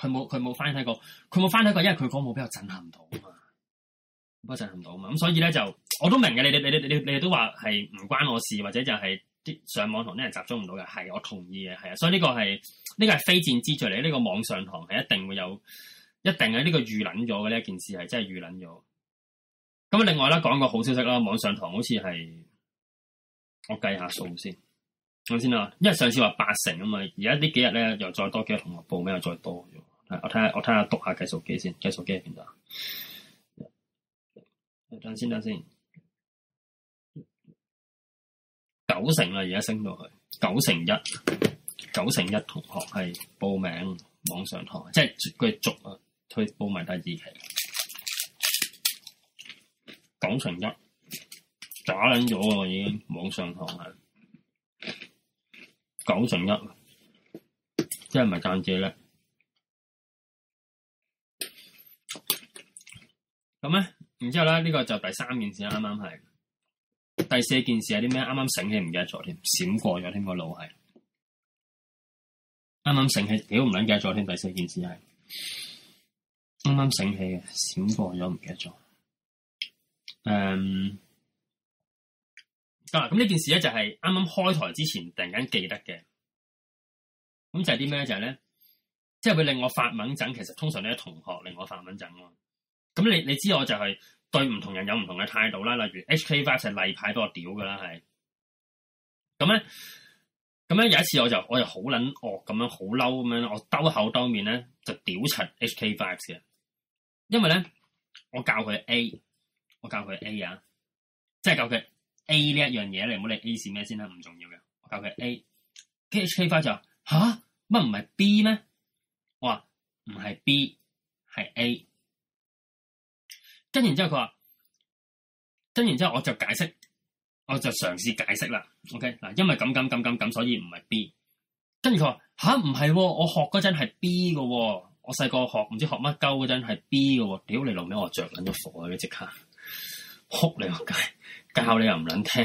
佢冇佢冇翻睇過，佢冇翻睇過，因為佢講冇畀我震撼到啊嘛，畀我震撼到啊嘛。咁所以咧就，我都明嘅，你你你你你你都話係唔關我事，或者就係啲上網同啲人集中唔到嘅，係我同意嘅，係啊，所以呢個係。呢個係非戰之罪嚟，呢個網上堂係一定會有，一定係呢個預諗咗嘅呢一件事係真係預諗咗。咁另外啦，講個好消息啦，網上堂好似係，我計下數先，睇先啦。因為上次話八成啊嘛，而家呢幾日咧又再多幾個同學報名又再多咗。我睇下我睇下讀下計數機先，計數機喺邊度？等先等先，九成啦，而家升到去九成一。九成一同學係報名網上堂，即係繼續啊，推報埋第二期。九成一打撚咗我已經網上堂係九成一，即係唔係贊借咧？咁咧，然之後咧，呢個就第三件事啱啱係，第四件事係啲咩？啱啱醒起唔記得咗添，閃過咗添個腦係。啱啱醒起，屌唔捻記得咗添。第四件事係啱啱醒起嘅，閃過咗，唔記得咗。誒、嗯，啊，咁呢件事咧就係啱啱開台之前突然間記得嘅。咁就係啲咩？就係咧，即係會令我發猛震。其實通常呢同學令我發猛震啊。咁你你知我就係對唔同人有唔同嘅態度啦。例如 H K Five 係例牌多屌噶啦，係。咁咧。咁樣有一次我就我就好撚惡咁樣，好嬲咁樣，我兜口兜面咧就屌柒 HK Five 嘅，因為咧我教佢 A，我教佢 A 啊，即係教佢 A 呢一樣嘢，你唔好理 A 是咩先啦，唔重要嘅，我教佢 A，HK Five 就話吓，乜唔係 B 咩？我話唔係 B 係 A，跟然之後佢話，跟然之後我就解釋。我就嘗試解釋啦，OK 嗱，因為咁咁咁咁咁，所以唔係 B。跟住佢話吓唔係，我學嗰陣係 B 嘅、啊，我細個學唔知學乜鳩嗰陣係 B 嘅、啊，屌你老味，我着緊咗火啊！即刻哭你個鬼，教你又唔捻聽，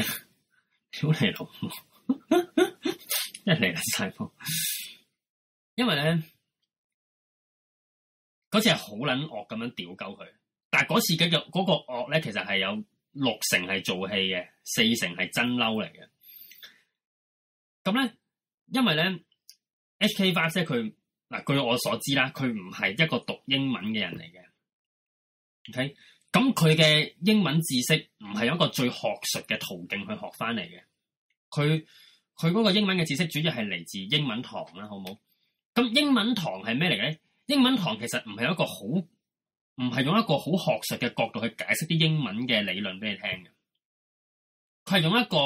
屌你老母，一嚟啦晒。因為咧嗰次係好捻惡咁樣屌鳩佢，但係嗰次嘅嗰個惡咧，其實係有。六成係做戲嘅，四成係真嬲嚟嘅。咁咧，因為咧，H K. 花姐佢嗱，據我所知啦，佢唔係一個讀英文嘅人嚟嘅。OK，咁佢嘅英文知識唔係有一個最學術嘅途徑去學翻嚟嘅。佢佢嗰個英文嘅知識主要係嚟自英文堂啦，好冇？咁英文堂係咩嚟嘅咧？英文堂其實唔係一個好。唔係用一個好學術嘅角度去解釋啲英文嘅理論俾你聽嘅，佢係用一個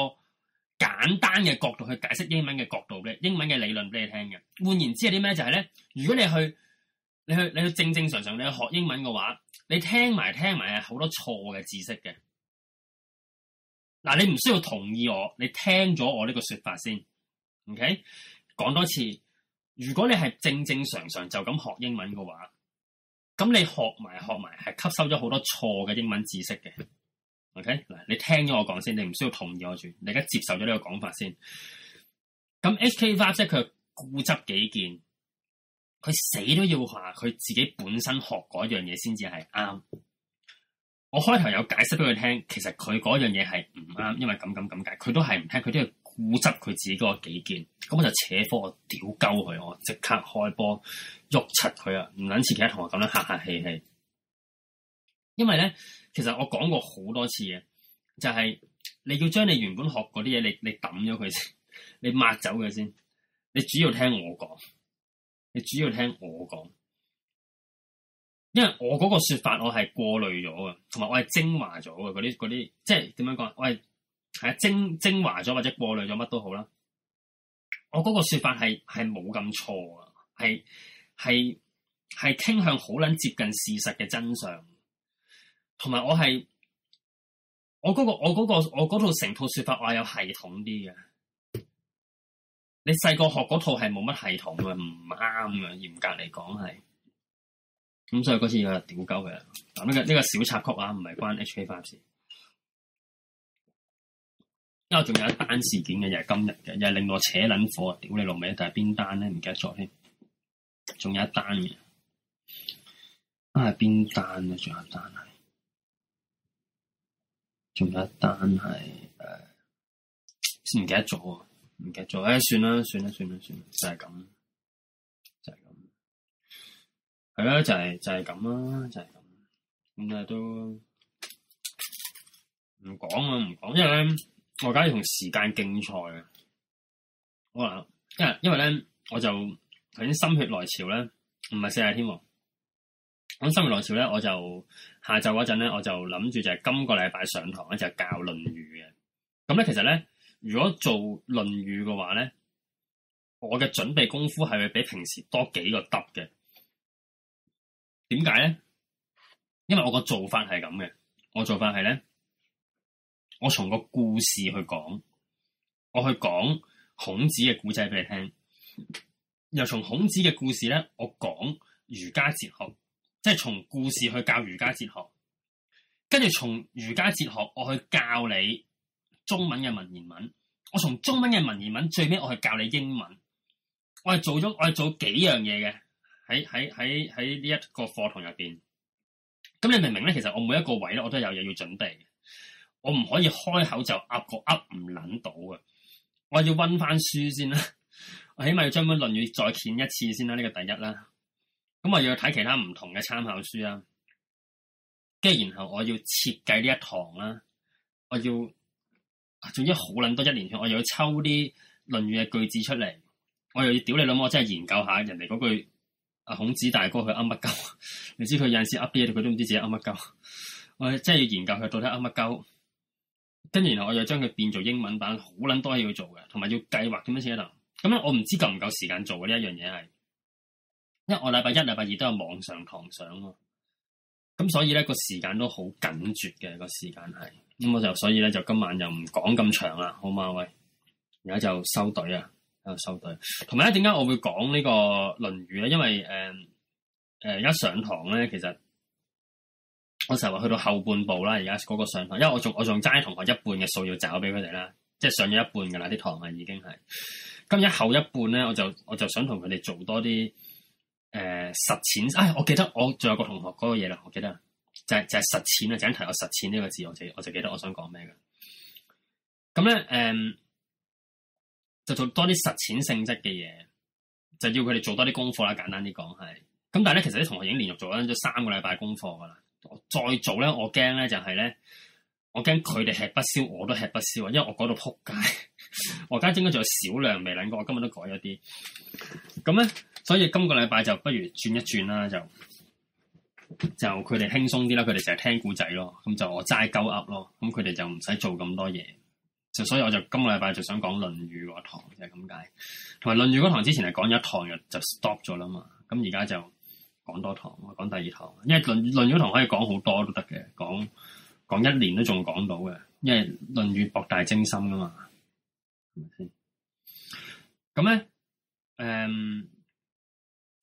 簡單嘅角度去解釋英文嘅角度咧，英文嘅理論俾你聽嘅。換言之係啲咩？就係咧，如果你去，你去你去你去正正常常你去學英文嘅話，你聽埋聽埋係好多錯嘅知識嘅嗱，你唔需要同意我，你聽咗我呢個說法先。OK，講多次，如果你係正正常常就咁學英文嘅話。咁你學埋學埋係吸收咗好多錯嘅英文知識嘅，OK 嗱，你聽咗我講先，你唔需要同意我住，你而家接受咗呢個講法先。咁 HKV 即係佢固執己見，佢死都要話佢自己本身學嗰樣嘢先至係啱。我開頭有解釋俾佢聽，其實佢嗰樣嘢係唔啱，因為咁咁咁解，佢都係唔聽，佢都要，固執佢自己嗰個己見，咁我就扯火，我屌鳩佢，我即刻開波喐柒佢啊！唔撚似其他同學咁樣客客氣氣，因為咧，其實我講過好多次嘅，就係、是、你要將你原本學嗰啲嘢，你你抌咗佢先，你抹走佢先，你主要聽我講，你主要聽我講，因為我嗰個說法我我說，我係過濾咗嘅，同埋我係精華咗嘅嗰啲嗰啲，即係點樣講？我係係啊，精精華咗或者過濾咗乜都好啦。我嗰個說法係係冇咁錯啊，係係係傾向好捻接近事實嘅真相，同埋我係我嗰個我嗰個我嗰套成套說法我係有系統啲嘅。你細個學嗰套係冇乜系統嘅，唔啱嘅，嚴格嚟講係。咁所以嗰次又係屌鳩佢啦。呢個呢個小插曲啊，唔係關 HK Five 事。之後仲有一單事件嘅，又係今日嘅，又係令我扯撚火屌你老味，但係邊單咧？唔記得咗添，仲有一單嘅，啊係邊單咧？仲有一單係，仲有一單係誒，唔、呃、記得咗啊，唔記得咗，哎，算啦，算啦，算啦，算啦，就係、是、咁，就係咁，係啦，就係就係咁啦，就係、是、咁，咁啊都唔講啊，唔講我而家要同時間競賽啊！我因為因為咧，我就頭先心血來潮咧，唔係四日添喎。咁心血來潮咧，我就下晝嗰陣咧，我就諗住就係今個禮拜上堂咧，就係教《論語》嘅。咁咧，其實咧，如果做《論語》嘅話咧，我嘅準備功夫係會比平時多幾個得嘅。點解咧？因為我個做法係咁嘅，我做法係咧。我從個故事去講，我去講孔子嘅古仔俾你聽，又從孔子嘅故事咧，我講儒家哲學，即係從故事去教儒家哲學，跟住從儒家哲學，我去教你中文嘅文言文，我從中文嘅文言文最屘，我去教你英文，我係做咗我係做幾樣嘢嘅，喺喺喺喺呢一個課堂入邊，咁你明唔明咧？其實我每一個位咧，我都係有嘢要準備。我唔可以開口就噏個噏唔捻到啊！我要溫翻書先啦，我起碼要將本《論語》再見一次先啦，呢個第一啦。咁我要睇其他唔同嘅參考書啦，跟住然後我要設計呢一堂啦，我要總之好捻多一年，我又要抽啲《論語》嘅句子出嚟，我又要屌你諗，我真係研究下人哋嗰句阿孔子大哥去噏乜鳩？你知佢有陣時噏啲嘢，佢都唔知自己噏乜鳩。我真係要研究佢到底噏乜鳩。跟住然後我就將佢變做英文版，好撚多嘢要做嘅，同埋要計劃點樣先得。咁樣，這樣我唔知夠唔夠時間做嘅呢一樣嘢係，因為我禮拜一、禮拜二都有網上堂上喎。咁所以咧個時間都好緊絕嘅個時間係。咁我就所以咧就今晚就唔講咁長啦，好嘛？喂，而家就收隊啊，收隊。同埋咧點解我會講呢個論語咧？因為誒誒一上堂咧，其實。我成日話去到後半部啦，而家嗰個上堂，因為我仲我仲齋同學一半嘅數要找俾佢哋啦，即係上咗一半噶啦，啲堂啊已經係。咁一後一半咧，我就我就想同佢哋做多啲誒、呃、實踐、哎。我記得我仲有個同學嗰、那個嘢啦，我記得就係、是、就係、是、實踐啊，一、就是、提我實踐呢個字，我就我就記得我想講咩嘅。咁咧誒，就做多啲實踐性質嘅嘢，就要佢哋做多啲功課啦。簡單啲講係，咁但係咧，其實啲同學已經連續做咗三個禮拜功課噶啦。再做咧，我驚咧就係咧，我驚佢哋吃不消，我都吃不消啊！因為我嗰度扑街，我而家應該仲有少量未諗過，我今日都改咗啲。咁咧，所以今個禮拜就不如轉一轉啦，就就佢哋輕鬆啲啦，佢哋成日聽古仔咯，咁就我齋鳩噏咯，咁佢哋就唔使做咁多嘢。就所以我就今個禮拜就想講《論語》個堂，就係咁解。同埋《論語》嗰堂之前係講咗一堂嘅，就 stop 咗啦嘛，咁而家就。講多堂，我講第二堂，因為論語論語堂可以講好多都得嘅，講講一年都仲講到嘅，因為論語博大精深噶嘛，係咪先？咁咧，誒、嗯，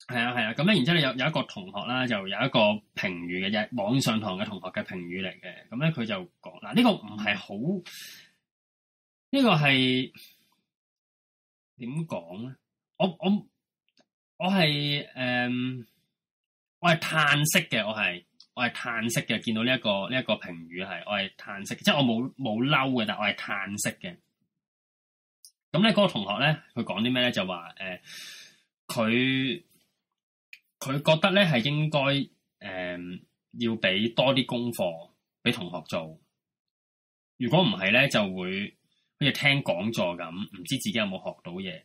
係啊係啊，咁咧、啊，然之後有有一個同學啦，就有一個評語嘅嘢，網上堂嘅同學嘅評語嚟嘅，咁咧佢就講嗱，這個不是這個、是呢個唔係好，呢個係點講咧？我我我係誒。嗯我係嘆息嘅，我係我係嘆息嘅，見到呢、呢、一個呢一、呢個評語係，我係嘆息，即係我冇冇嬲嘅，但我係嘆息嘅。咁咧，個同學咧，佢講啲咩咧？就話誒，佢、呃、佢覺得咧係應該誒、呃、要俾多啲功課俾同學做，如果唔係咧，就會好似聽講座咁，唔知自己有冇學到嘢。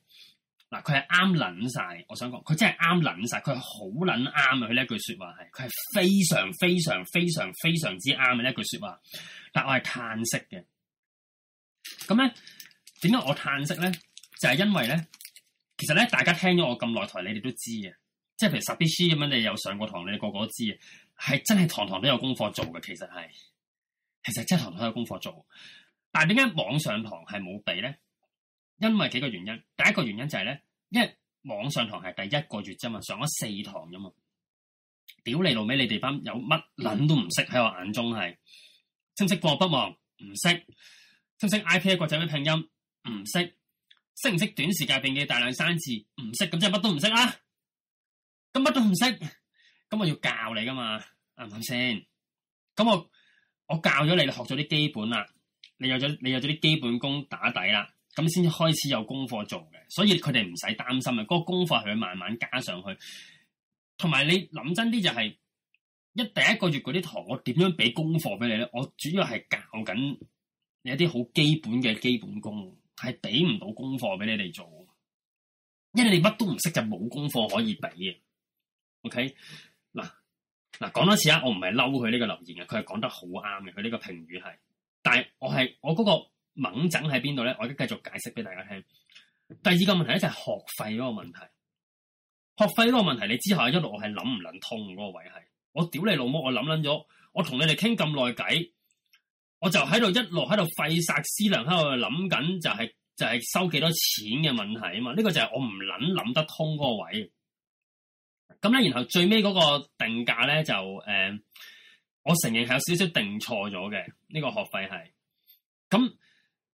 嗱，佢係啱捻晒，我想講，佢真係啱捻晒，佢係好捻啱啊！佢呢一句説話係，佢係非常非常非常非常之啱嘅呢一句説話。但我係嘆息嘅。咁咧，點解我嘆息咧？就係因為咧，其實咧，大家聽咗我咁耐台，你哋都知嘅。即係譬如十 B C 咁樣，你有上過堂，你個個都知啊。係真係堂堂都有功課做嘅，其實係，其實真係堂堂都有功課做。但係點解網上堂係冇俾咧？因為幾個原因，第一個原因就係、是、咧，因為網上堂係第一個月啫嘛，上咗四堂啫嘛。屌你老味，你哋班有乜撚都唔識喺我眼中係，識唔識過不忘唔識，識唔識 I P A 國際嘅拼音唔識，識唔識短時間並記大量生字，唔識，咁即係乜都唔識啦。咁乜都唔識，咁我要教你噶嘛，啱唔啱先？咁我我教咗你，你學咗啲基本啦，你有咗你有咗啲基本功打底啦。咁先開始有功課做嘅，所以佢哋唔使擔心啊！嗰個功課係會慢慢加上去，同埋你諗真啲就係一第一個月嗰啲堂，我點樣俾功課俾你咧？我主要係教緊你一啲好基本嘅基本功，係俾唔到功課俾你哋做，因為你乜都唔識就冇功課可以俾嘅。OK 嗱，嗱講多次啊！我唔係嬲佢呢個留言嘅，佢係講得好啱嘅，佢呢個評語係，但係我係我嗰個。猛整喺邊度咧？我而家繼續解釋俾大家聽。第二個問題咧就係學費嗰個問題，學費嗰個問題，你之後一路我係諗唔能通嗰個位係，我屌你老母，我諗捻咗，我同你哋傾咁耐偈，我就喺度一路喺度費煞思量，喺度諗緊就係就係收幾多錢嘅問題啊嘛，呢個就係我唔捻諗得通嗰個位。咁咧，然後最尾嗰個定價咧就誒，我承認係有少少定錯咗嘅呢個學費係，咁。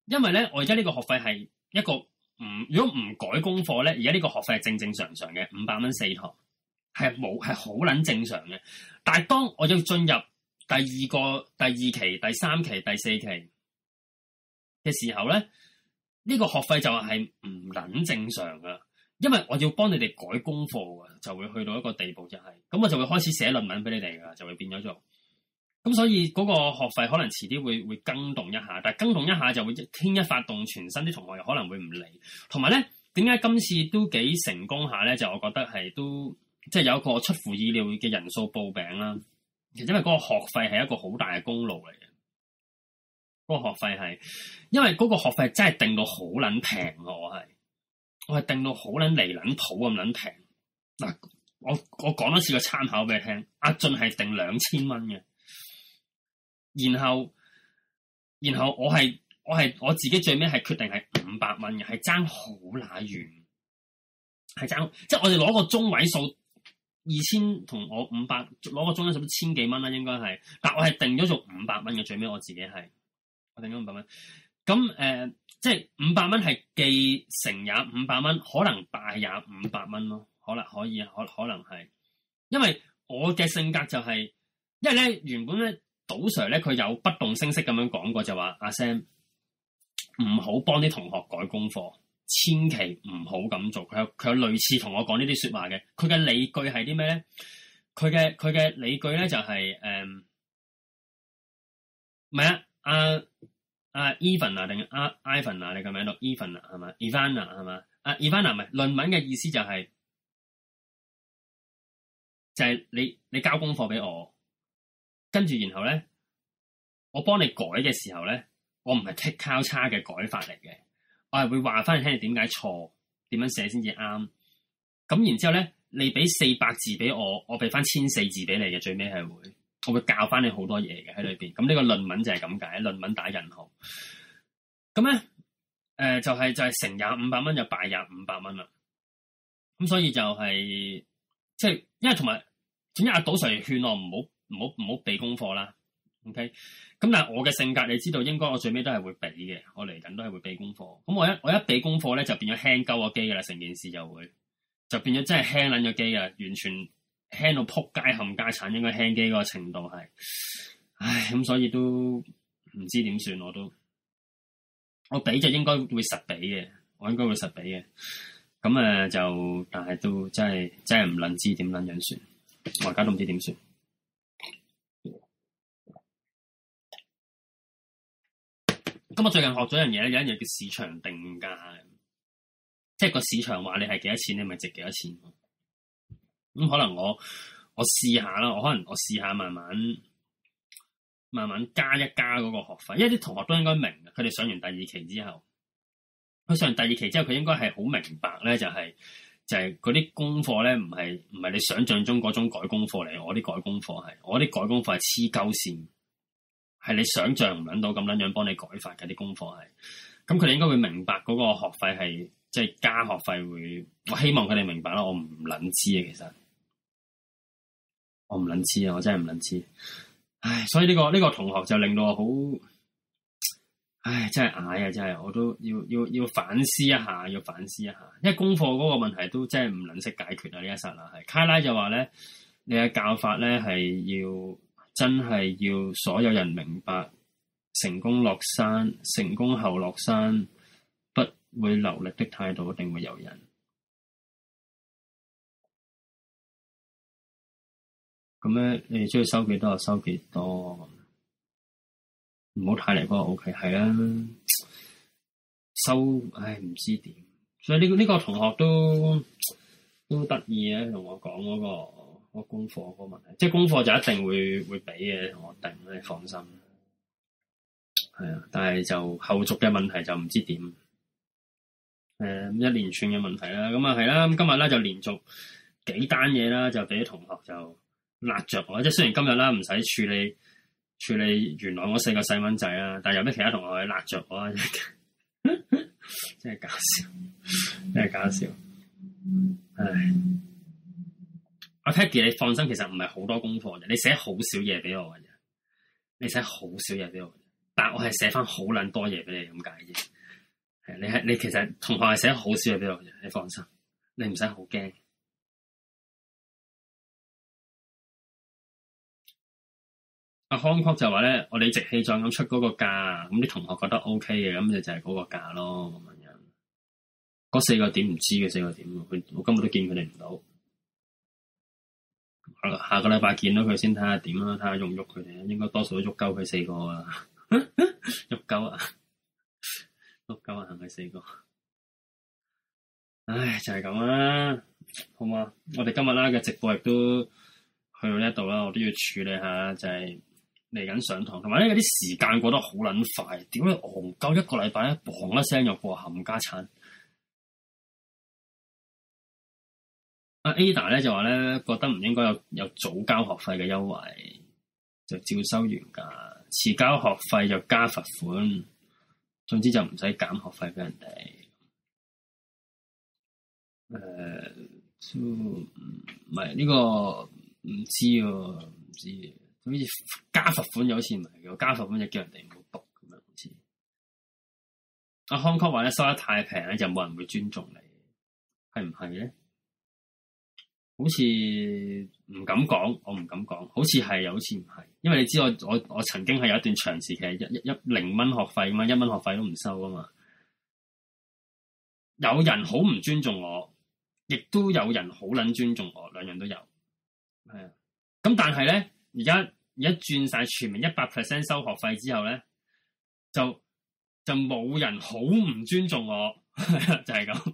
因為咧，我而家呢個學費係一個唔，如果唔改功課咧，而家呢個學費係正正常常嘅五百蚊四堂，係冇係好撚正常嘅。但係當我要進入第二個、第二期、第三期、第四期嘅時候咧，呢個學費就係唔撚正常噶，因為我要幫你哋改功課噶，就會去到一個地步就係，咁我就會開始寫論文俾你哋噶，就會變咗做。咁所以嗰個學費可能遲啲會會更動一下，但係更動一下就會牽一髮動全身，啲同學又可能會唔嚟，同埋咧點解今次都幾成功下咧？就我覺得係都即係、就是、有一個出乎意料嘅人數報名啦。其實因為嗰個學費係一個好大嘅功勞嚟嘅，嗰、嗰個學費係因為嗰個學費真係定到好撚平，我係我係定到好撚離撚譜咁撚平嗱。我我講多次個參考俾你聽，阿俊係定兩千蚊嘅。然後，然後我係我係我自己最尾係決定係五百蚊嘅，係爭好乸遠，係爭即係我哋攞個中位數二千同我五百攞個中位數都千幾蚊啦，應該係，但我係定咗做五百蚊嘅最尾，我自己係我定咗五百蚊。咁誒、呃，即係五百蚊係既成也五百蚊，可能大也五百蚊咯，可能可以，可可能係，因為我嘅性格就係、是，因為咧原本咧。賭 Sir 咧，佢有不動聲色咁樣講過，就話阿 Sam 唔好幫啲同學改功課，千祈唔好咁做。佢有佢有類似同我講呢啲説話嘅。佢嘅理據係啲咩咧？佢嘅佢嘅理據咧就係、是、誒，唔、嗯、係啊啊啊 Evan 啊，定阿 Evan 啊你個名度 Evan 啊係咪 Evan 啊係嘛？啊 Evan 啊，唔係論文嘅意思就係、是、就係、是、你你交功課俾我。跟住然後咧，我幫你改嘅時候咧，我唔係剔交叉嘅改法嚟嘅，我係會話翻你聽你點解錯，點樣寫先至啱。咁然之後咧，你俾四百字俾我，我俾翻千四字俾你嘅。最尾係會，我會教翻你好多嘢嘅喺裏邊。咁呢個論文就係咁解，論文打引號。咁咧，誒、呃，就係、是、就係成廿五百蚊就敗廿五百蚊啦。咁所以就係即係，因為同埋總之阿導師勸我唔好。唔好唔好俾功課啦，OK？咁但係我嘅性格，你知道，應該我最尾都係會俾嘅。我嚟緊都係會俾功課。咁我一我一俾功課咧，就變咗輕鳩個機噶啦。成件事就會就變咗真係輕撚咗機㗎啦，完全輕到撲街冚家鏟，應該輕機個程度係唉咁，所以都唔知點算，我都我俾就應該會實俾嘅，我應該會實俾嘅咁啊。就但係都真係真係唔撚知點撚樣算，我而家都唔知點算。咁我最近我學咗一樣嘢咧，有一樣叫市場定價，即係個市場話你係幾多錢，你咪值幾多錢。咁可能我我試一下啦，我可能我試下慢慢慢慢加一加嗰個學費，因為啲同學都應該明㗎，佢哋上完第二期之後，佢上完第二期之後，佢應該係好明白咧，就係，就係就係嗰啲功課咧，唔係唔係你想象中嗰種改功課嚟，我啲改功課係我啲改功課係黐鳩線。係你想象唔捻到咁樣樣幫你改法嘅啲功課係，咁佢哋應該會明白嗰個學費係即係加學費會，我希望佢哋明白啦。我唔捻知啊，其實我唔捻知啊，我真係唔捻知。唉，所以呢個呢個同學就令到我好唉，真係矮啊！真係我都要要要反思一下，要反思一下，因為功課嗰個問題都真係唔捻識解決啊！呢一剎那係，卡拉就話咧，你嘅教法咧係要。真係要所有人明白成功落山，成功後落山不會流力的態度定會有人咁咧。你哋中意收幾多就收幾多，唔好太離譜。O K，係啦，收，唉，唔知點。所以呢個呢個同學都都得意咧，同我講嗰個。我功課、嗰個問題，即係功課就一定會會俾嘅，我定你放心。係啊，但係就後續嘅問題就唔知點。誒，一連串嘅問題啦，咁啊係啦。咁今日咧就連續幾單嘢啦，就俾啲同學就辣着我。即係雖然今日啦唔使處理處理，處理原來我四個細蚊仔啦，但係有啲其他同學去辣着我，真係搞笑，真係搞笑，唉。我睇見你放心，其實唔係好多功課嘅，你寫好少嘢俾我嘅，你寫好少嘢俾我嘅，但係我係寫翻好撚多嘢俾你咁解啫，係你係你其實同學係寫好少嘢俾我嘅，你放心，你唔使好驚。阿康擴就話咧，啊嗯啊、我理直氣壯咁出嗰個價，咁、那、啲、個、同學覺得 O K 嘅，咁你就係嗰個價咯。咁樣，嗰四個點唔知嘅四個點，佢我根本都見佢哋唔到。下個禮拜見到佢先睇下點啦，睇下喐唔喐佢哋，應該多數都喐鳩佢四個啊，喐鳩啊，喐鳩啊行佢四個？唉，就係咁啦，好嘛？我哋今日啦嘅直播亦都去到呢一度啦，我都要處理下，就係嚟緊上堂，同埋咧有啲時間過得好撚快，點樣昂鳩一個禮拜咧，嘣一聲又過冚家鏟？Ada 咧就話咧，覺得唔應該有有早交學費嘅優惠，就照收原價。遲交學費就加罰款，總之就唔使減學費俾人哋。誒、呃，就唔係，呢個唔知喎，唔知佛好似加罰款有好似唔係嘅，加罰款就叫人哋唔好讀咁樣。好似阿 Conc 話咧，收得太平咧，就冇人會尊重你，係唔係咧？好似唔敢講，我唔敢講，好似係又好似唔係，因為你知我我我曾經係有一段長時期一一零蚊學費啊嘛，一蚊學費都唔收啊嘛，有人好唔尊重我，亦都有人好撚尊重我，兩樣都有，係啊，咁但係咧，而家而家轉晒全民一百 percent 收學費之後咧，就就冇人好唔尊重我， (laughs) 就係咁。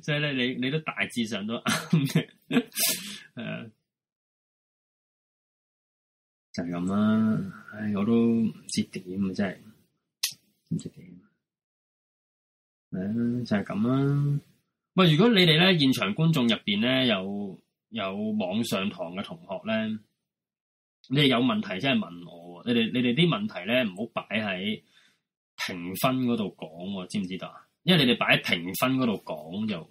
即係咧，你你都大致上都啱嘅，係 (laughs) 就係咁啦。唉，我都唔知點啊，真係唔知點，係啊，就係咁啦。喂，如果你哋咧現場觀眾入邊咧有有網上堂嘅同學咧，你哋有問題即係問我，你哋你哋啲問題咧唔好擺喺評分嗰度講，知唔知道啊？因為你哋擺喺評分嗰度講就，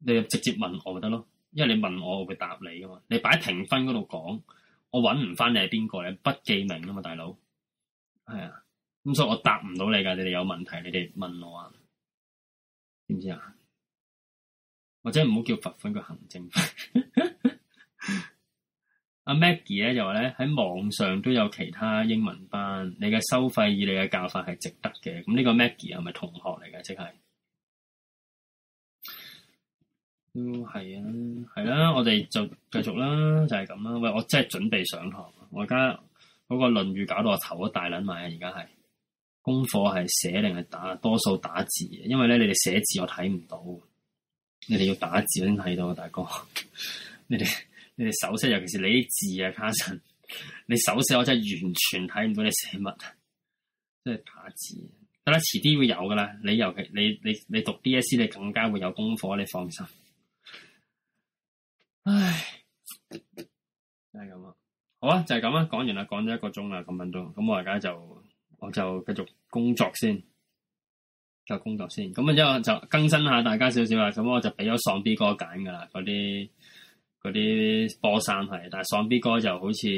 你就直接問我咪得咯。因為你問我我會答你噶嘛。你擺喺評分嗰度講，我搵唔翻你係邊個咧？你不記名啊嘛，大佬。係、哎、啊，咁所以我答唔到你噶。你哋有問題，你哋問我啊，知唔知啊？或者唔好叫罰款嘅行政。 (laughs) 阿 Maggie 咧就話咧喺網上都有其他英文班，你嘅收費以你嘅教法係值得嘅。咁呢個 Maggie 係咪同學嚟嘅？即係都係啊，係啦、啊，我哋就繼續啦，就係咁啦。喂，我真係準備上堂，我而家嗰個論語搞到我頭都大捻埋啊！而家係功課係寫定係打，多數打字，因為咧你哋寫字我睇唔到，你哋要打字先睇到啊，大哥，你哋。你哋手寫，尤其是你啲字啊，卡神！你手寫，我真係完全睇唔到你寫乜，真係打字。得啦，遲啲會有噶啦。你尤其你你你，你讀 DSC，你更加會有功課，你放心。唉，真係咁啊！好啊，就係咁啊！講完啦，講咗一個鐘啦，咁樣都，咁我而家就，我就繼續工作先，就工作先。咁啊，之後就更新一下大家少少啊。咁我就俾咗喪啲哥揀噶啦，嗰啲。嗰啲波衫係，但係喪 B 哥就好似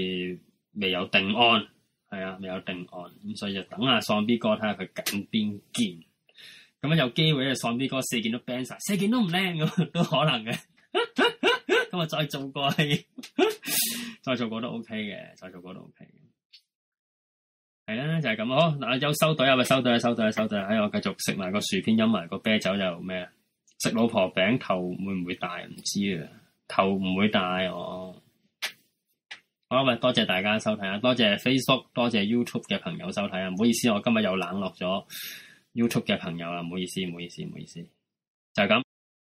未有定案，係啊，未有定案，咁所以就等下喪 B 哥睇下佢揀邊件，咁樣有機會喪 B 哥四件都 ban 晒，四件都唔靚咁都可能嘅，咁 (laughs) 啊再做個過 (laughs) 再做過都 OK 嘅，再做過都 OK 嘅，係啦、OK，就係、是、咁好。嗱有收隊啊，咪收隊啊，收隊啊，收隊，哎，我繼續食埋個薯片，飲埋個啤酒就咩啊，食老婆餅頭會唔會大唔知啊？頭唔會大哦，好啦，唔多謝大家收睇啊，多謝 Facebook，多謝 YouTube 嘅朋友收睇啊，唔好意思，我今日又冷落咗 YouTube 嘅朋友啊，唔好意思，唔好意思，唔好意思，就係咁。